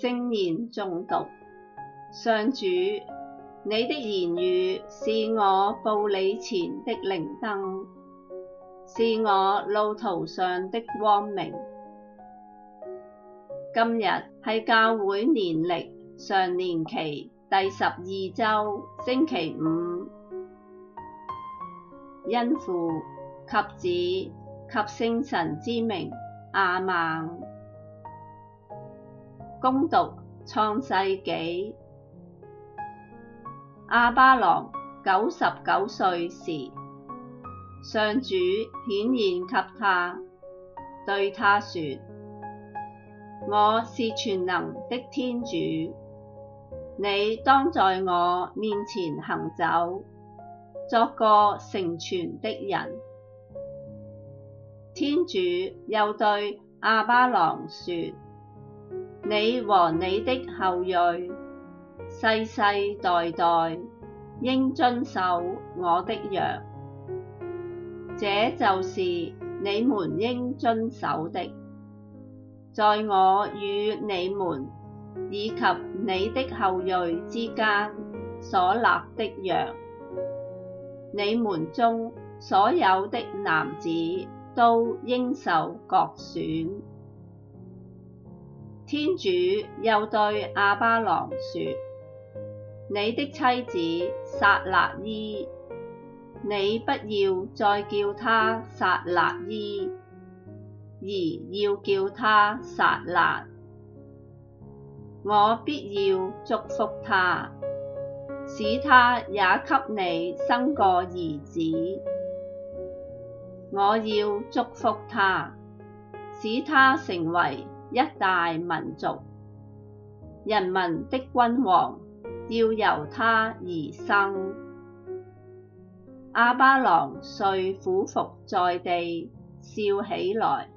聖言中毒，上主，你的言語是我步你前的靈燈，是我路途上的光明。今日係教會年歷上年期第十二週星期五，因父及子及聖神之名，阿孟。恭讀創世紀，亞巴郎九十九歲時，上主顯現給他，對他說：我是全能的天主，你當在我面前行走，作個成全的人。天主又對亞巴郎說。你和你的後裔，世世代代應遵守我的約，這就是你們應遵守的，在我與你們以及你的後裔之間所立的約。你們中所有的男子都應受割損。天主又對亞巴郎說：你的妻子撒辣依，你不要再叫她撒辣依，而要叫她撒辣。我必要祝福她，使她也給你生個兒子。我要祝福她，使她成為，一大民族，人民的君王要由她而生。亞巴郎遂俯伏在地，笑起來，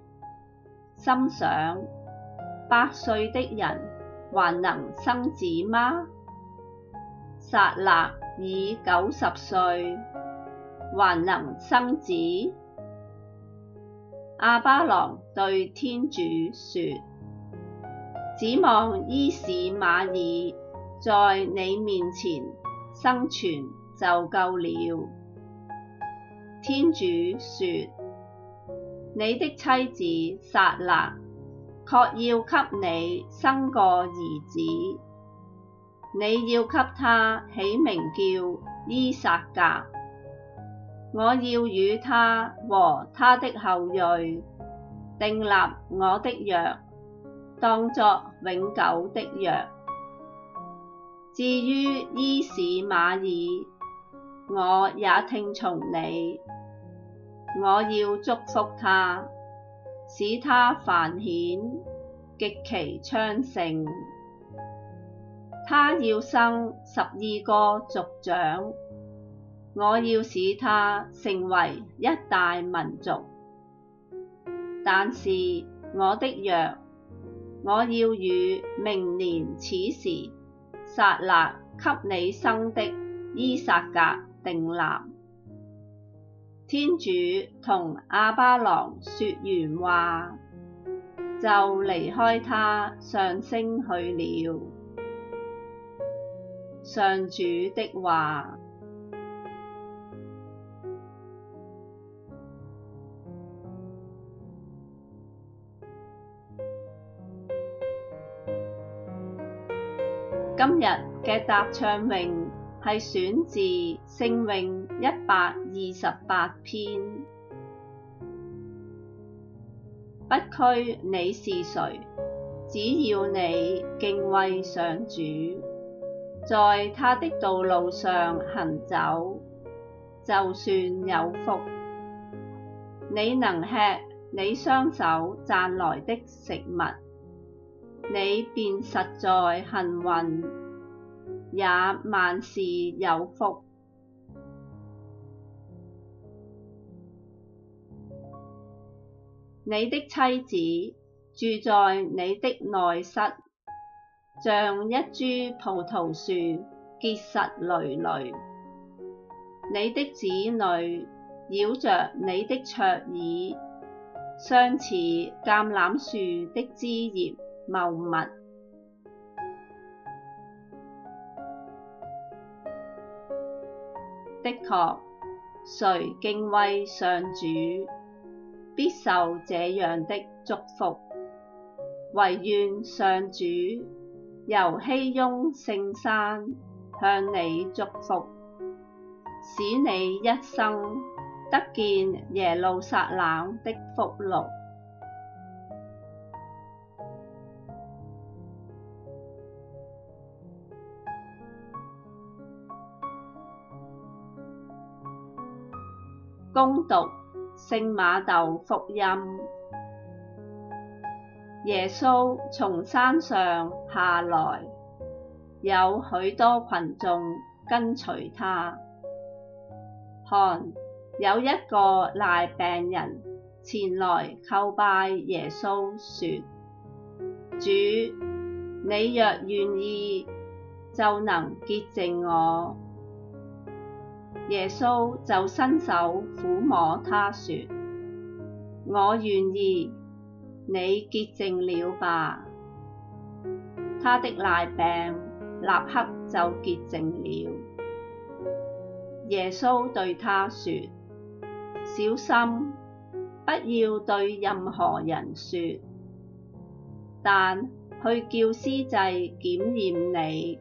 心想：「百歲的人還能生子嗎？撒辣已九十歲，還能生子？亞巴郎對天主說：只望依市瑪耳在你面前生存就夠了。天主說：你的妻子撒辣確要給你生個兒子，你要給他起名叫依撒格。我要與他和他的後裔訂立我的約，當作永久的約。至於依市瑪耳，我也聽從你，我要祝福他，使他繁衍，極其昌盛。他要生十二個族長。我要使他成為一大民族，但是我的約，我要與明年此時撒辣給你生的依撒格訂立。天主同亞巴郎說完話，就離開他上升去了。上主的話。今日嘅答唱詠係選自聖詠一百二十八篇。不拘你是誰，只要你敬畏上主，在他的道路上行走，就算有福。你能吃你雙手賺來的食物。你便實在幸運，也萬事有福。你的妻子住在你的內室，像一株葡萄樹，結實纍纍。你的子女繞着你的桌椅，相似橄欖樹的枝葉茂密。的確，誰敬畏上主，必受這樣的祝福。惟願上主由熙雍聖山向你祝福，使你一生得見耶路撒冷的福祿。恭讀《聖瑪竇福音》，耶穌從山上下來，有許多群眾跟隨他。看，有一個癩病人前來叩拜耶穌，説：主，你若願意，就能潔淨我。耶穌就伸手撫摸他，說：我願意，你潔淨了吧。他的癩病立刻就潔淨了。耶穌對他說：小心，不要對任何人說，但去叫司祭檢驗你，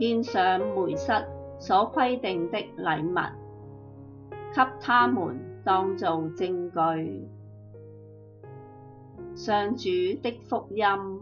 獻上梅瑟，所規定的禮物，給他們當做證據。上主的福音。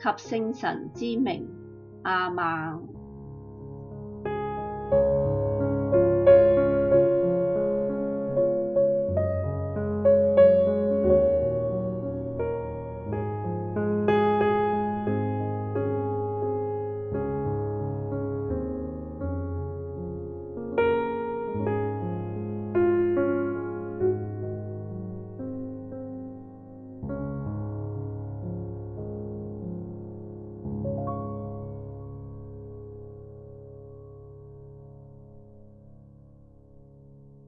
及聖神之名，阿們。